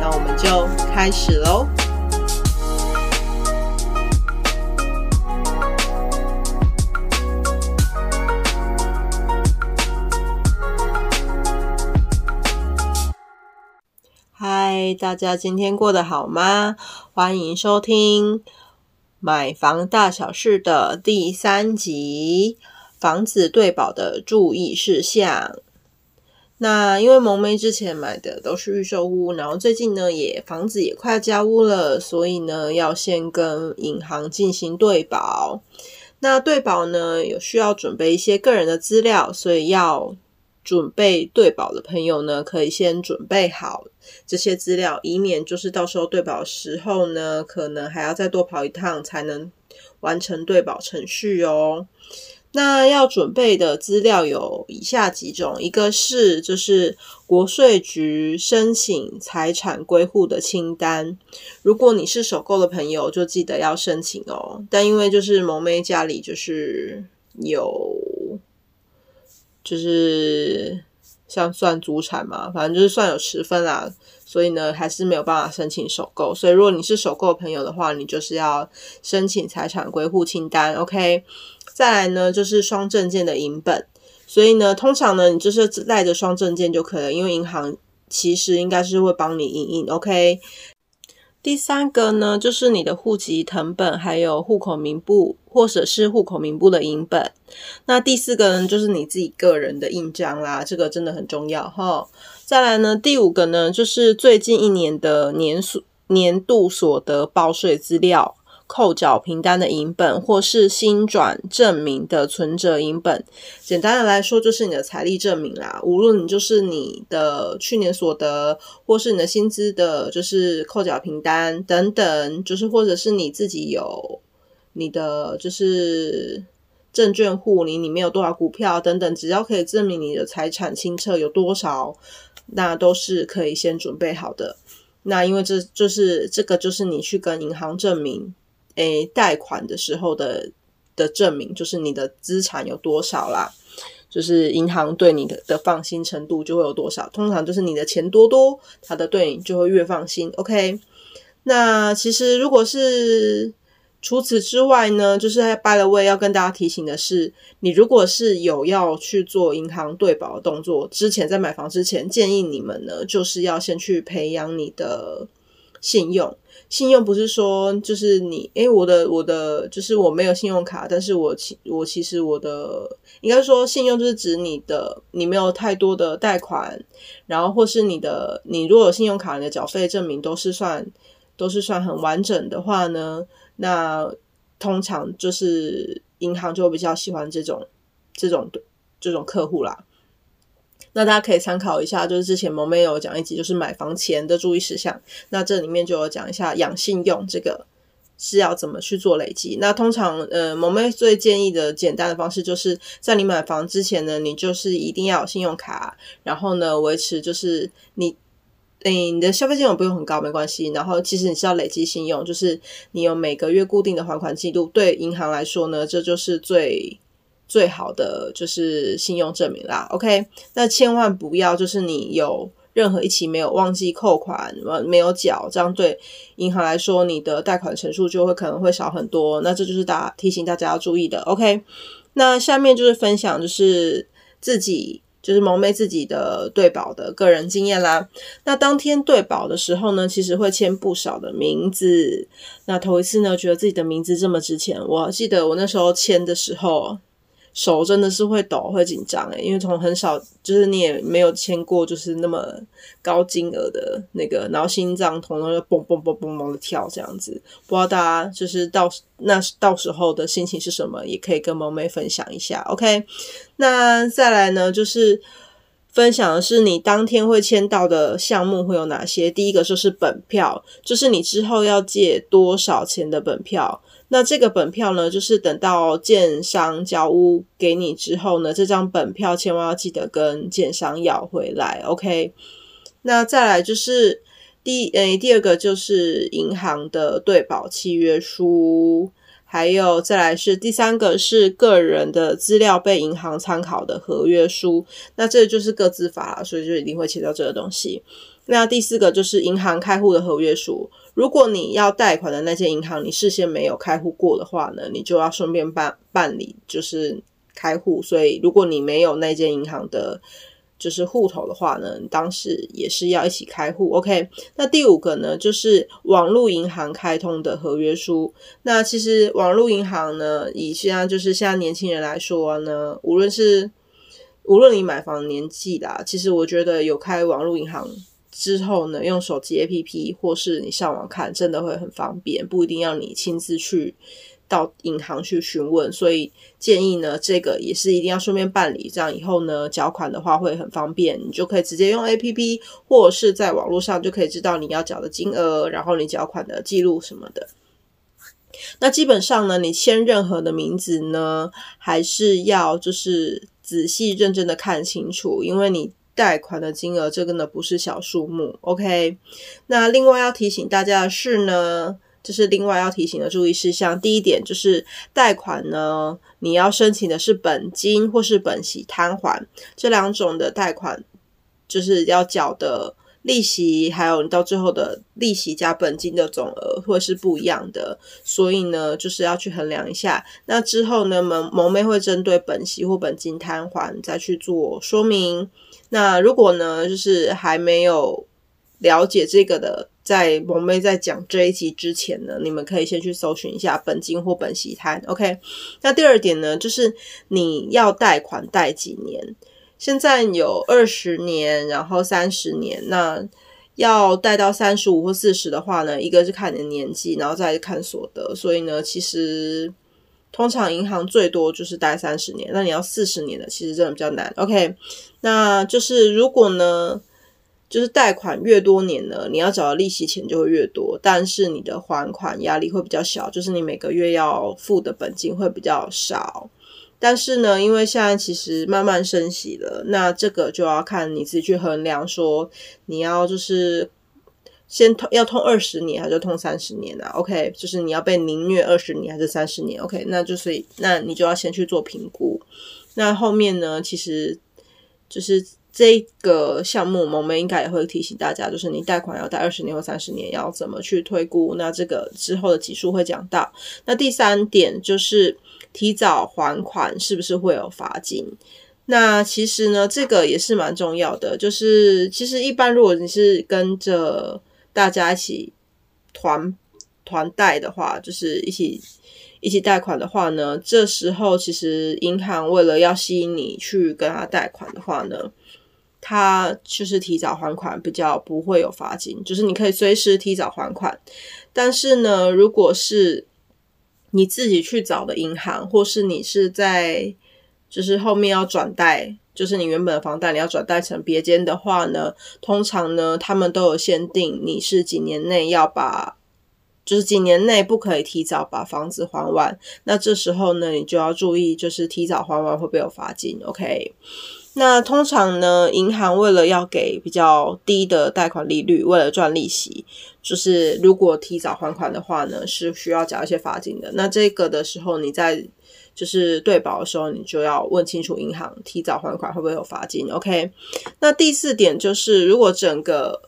那我們就開始嘍！嗨，大家今天過得好嗎？歡迎收聽《買房大小事》的第三集《房子對保的注意事項》。那因為萌咩之前買的都是預售屋，然後最近呢也房子也快要交屋了，所以呢要先跟銀行進行對保。那對保呢有需要準備一些個人的資料，所以要準備對保的朋友呢，可以先準備好這些資料，以免就是到時候對保的時候呢，可能還要再多跑一趟才能完成對保程序哦。那要準備的資料有以下幾種，一個是就是國稅局申請財產歸戶的清單。如果你是首購的朋友，就記得要申請哦。但因為就是萌咩家裡就是有，就是。像算祖產嘛，反正就是算有持分啦，所以呢還是沒有辦法申請首購。所以如果你是首購朋友的話，你就是要申請財產歸戶清單，OK。再來呢就是雙證件的影本，所以呢通常呢你就是帶着雙證件就可以了，因為銀行其實應該是會幫你影印，OK。第三個呢，就是你的戶籍謄本，還有戶口名簿，或者是戶口名簿的影本。那第四個呢，就是你自己個人的印章啦，這個真的很重要哈。再來呢，第五個呢，就是最近一年的年數，年度所得報稅資料。扣繳憑單的影本，或是薪轉證明的存折影本，簡單的來說就是你的財力證明啦。無論你就是你的去年所得，或是你的薪資的，就是扣繳憑單等等，就是或者是你自己有你的就是證券戶，你裡面有多少股票等等，只要可以證明你的財產清冊有多少，那都是可以先準備好的。那因為這就是這個就是你去跟銀行證明。誒，貸款的時候的的證明，就是你的資產有多少啦，就是銀行對你的，的放心程度就會有多少。通常就是你的錢多多，他的對你就會越放心。OK，那其實如果是除此之外呢，就是 by the way 要跟大家提醒的是，你如果是有要去做銀行對保的動作，之前在買房之前，建議你們呢，就是要先去培養你的信用。信用不是說就是你，誒，我的我的就是我沒有信用卡，但是我其我其實我的應該說信用就是指你的你沒有太多的貸款，然後或是你的你如果有信用卡你的繳費證明都是算都是算很完整的話呢，那通常就是銀行就比較喜歡這種這種這種客戶啦。那大家可以參考一下，就是之前萌咩有講一集，就是買房前的注意事項。那這裡面就有講一下養信用這個是要怎麼去做累積。那通常，呃，萌咩最建議的簡單的方式，就是在你買房之前呢，你就是一定要有信用卡，然後呢，維持就是你，誒、欸，你的消費金額不用很高沒關係。然後其實你是要累積信用，就是你有每個月固定的還款記錄，對銀行來說呢，這就是最。最好的就是信用證明啦，OK，那千萬不要就是你有任何一期沒有忘記扣款，沒有繳，這樣對銀行來說，你的貸款成數就會可能會少很多。那這就是大提醒大家要注意的，OK。那下面就是分享，就是自己就是萌咩自己的對保的個人經驗啦。那當天對保的時候呢，其實會簽不少的名字。那頭一次呢，覺得自己的名字這麼值錢，我記得我那時候簽的時候。手真的是會抖，會緊張哎，因為從很少，就是你也沒有簽過，就是那麼高金額的那個，然後心臟統統就嘣嘣嘣嘣嘣的跳這樣子，不知道大家就是到那到時候的心情是什麼，也可以跟萌咩分享一下，OK？那再來呢，就是。分享的是你當天會簽到的項目會有哪些？第一個就是本票，就是你之後要借多少錢的本票。那這個本票呢，就是等到建商交屋給你之後呢，這張本票千萬要記得跟建商要回來。OK，那再來就是第呃、哎、第二個就是銀行的對保契約書。還有，再來是第三個是個人的資料被銀行參考的合約書，那這個就是個資法，所以就一定會切到這個東西。那第四個就是銀行開戶的合約書，如果你要貸款的那間銀行你事先沒有開戶過的話呢，你就要順便辦辦理就是開戶。所以如果你沒有那間銀行的。就是戶頭的話呢，當時也是要一起開戶，OK。那第五個呢，就是網路銀行開通的合約書。那其實網路銀行呢，以現在就是現在年輕人來說呢，無論是無論你買房年紀啦，其實我覺得有開網路銀行之後呢，用手機 APP 或是你上網看，真的會很方便，不一定要你親自去。到銀行去詢問，所以建議呢，這個也是一定要順便辦理，這樣以後呢，繳款的話會很方便，你就可以直接用 APP 或者是在網絡上就可以知道你要繳的金額，然後你繳款的記錄什麼的。那基本上呢，你簽任何的名字呢，還是要就是仔細認真的看清楚，因為你貸款的金額這個呢不是小數目。OK，那另外要提醒大家的是呢。這是另外要提醒的注意事項。第一點就是貸款呢，你要申請的是本金或是本息攤還這兩種的貸款，就是要繳的利息，還有你到最後的利息加本金的總額，會是不一樣的。所以呢，就是要去衡量一下。那之後呢，萌咩會針對本息或本金攤還再去做說明。那如果呢，就是還沒有了解這個的。在萌咩在講這一集之前呢，你們可以先去搜尋一下本金或本息攤，OK？那第二點呢，就是你要貸款貸幾年？現在有二十年，然後三十年。那要貸到三十五或四十的話呢，一個是看你的年紀，然後再看所得。所以呢，其實通常銀行最多就是貸三十年。那你要四十年的，其實真的比較難，OK？那就是如果呢？就是貸款越多年呢，你要找的利息錢就會越多，但是你的還款壓力會比較小，就是你每個月要付的本金會比較少。但是呢，因為現在其實慢慢升息了，那這個就要看你自己去衡量說，說你要就是先通要通二十年還是通三十年啊？OK，就是你要被凌虐二十年還是三十年？OK，那就是那你就要先去做評估。那後面呢，其實就是。這個項目，我們應該也會提醒大家，就是你貸款要貸二十年或三十年，要怎麼去推估？那這個之後的集數會講到。那第三點就是提早還款是不是會有罰金？那其實呢，這個也是蠻重要的。就是其實一般如果你是跟着大家一起團團貸的話，就是一起一起貸款的話呢，這時候其實銀行為了要吸引你去跟他貸款的話呢。他就是提早還款比較不會有罰金，就是你可以隨時提早還款。但是呢，如果是你自己去找的銀行，或是你是在就是後面要轉貸，就是你原本房貸你要轉貸成別間的話呢，通常呢，他們都有限定，你是幾年內要把，就是幾年內不可以提早把房子還完。那這時候呢，你就要注意，就是提早還完會不會有罰金？OK。那通常呢，銀行為了要給比較低的貸款利率，為了賺利息，就是如果提早還款的話呢，是需要繳一些罰金的。那這個的時候，你在就是對保的時候，你就要問清楚銀行提早還款會不會有罰金？OK，那第四點就是，如果整個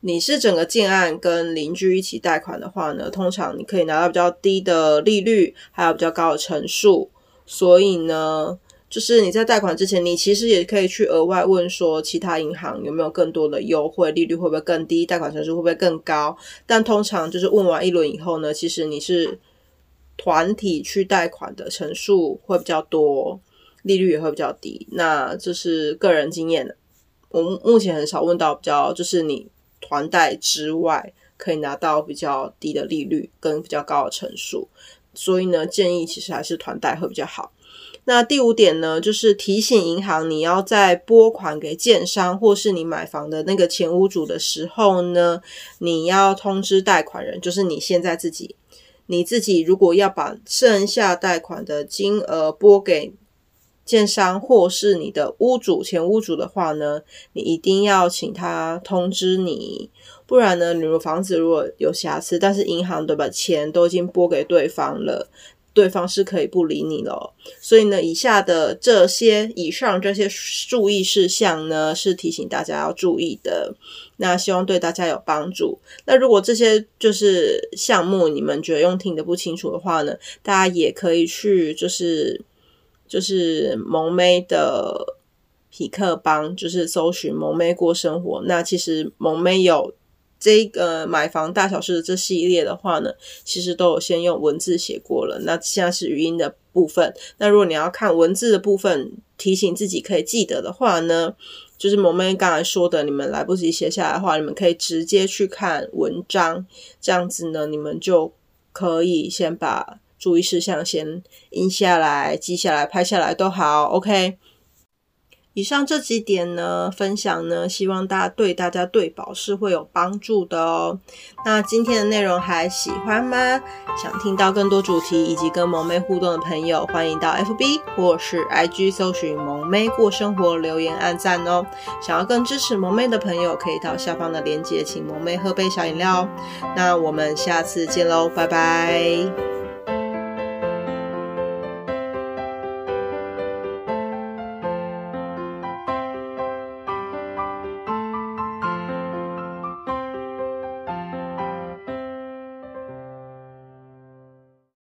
你是整個建案跟鄰居一起貸款的話呢，通常你可以拿到比較低的利率，還有比較高的成數，所以呢。就是你在貸款之前，你其實也可以去額外問說，其他銀行有沒有更多的優惠，利率會不會更低，貸款成數會不會更高？但通常就是問完一輪以後呢，其實你是團體去貸款的成數會比較多，利率也會比較低。那這是個人經驗，我目前很少問到比較，就是你團貸之外可以拿到比較低的利率跟比較高的成數，所以呢，建議其實還是團貸會比較好。那第五點呢，就是提醒銀行，你要在撥款給建商、或是你買房的那個前屋主的時候呢，你要通知貸款人，就是你現在自己。你自己如果要把剩下貸款的金額撥給建商、或是你的屋主前屋主的話呢，你一定要請他通知你，不然呢，你如果房子如果有瑕疵，但是銀行都把錢都已經撥給對方了。對方是可以不理你咯所以呢，以下的這些、以上這些注意事項呢，是提醒大家要注意的。那希望對大家有幫助。那如果這些就是項目，你們覺得用聽的不清楚的話呢，大家也可以去就是就是萌咩的痞客邦，就是搜尋萌咩過生活。那其實萌咩有。這個買房大小事的這系列的話呢，其實都有先用文字寫過了。那現在是語音的部分。那如果你要看文字的部分，提醒自己可以記得的話呢，就是萌咩剛才說的，你們來不及寫下來的話，你們可以直接去看文章。這樣子呢，你們就可以先把注意事項先印下來、記下來、拍下來都好。OK。以上這幾點呢，分享呢，希望大家對大家對保是會有幫助的哦。那今天的內容還喜歡嗎？想聽到更多主題以及跟萌咩互動的朋友，歡迎到 FB 或是 IG 搜尋萌咩過生活，留言、按讚哦。想要更支持萌咩的朋友，可以到下方的鏈接，請萌咩喝杯小飲料哦。那我們下次見嘍，拜拜。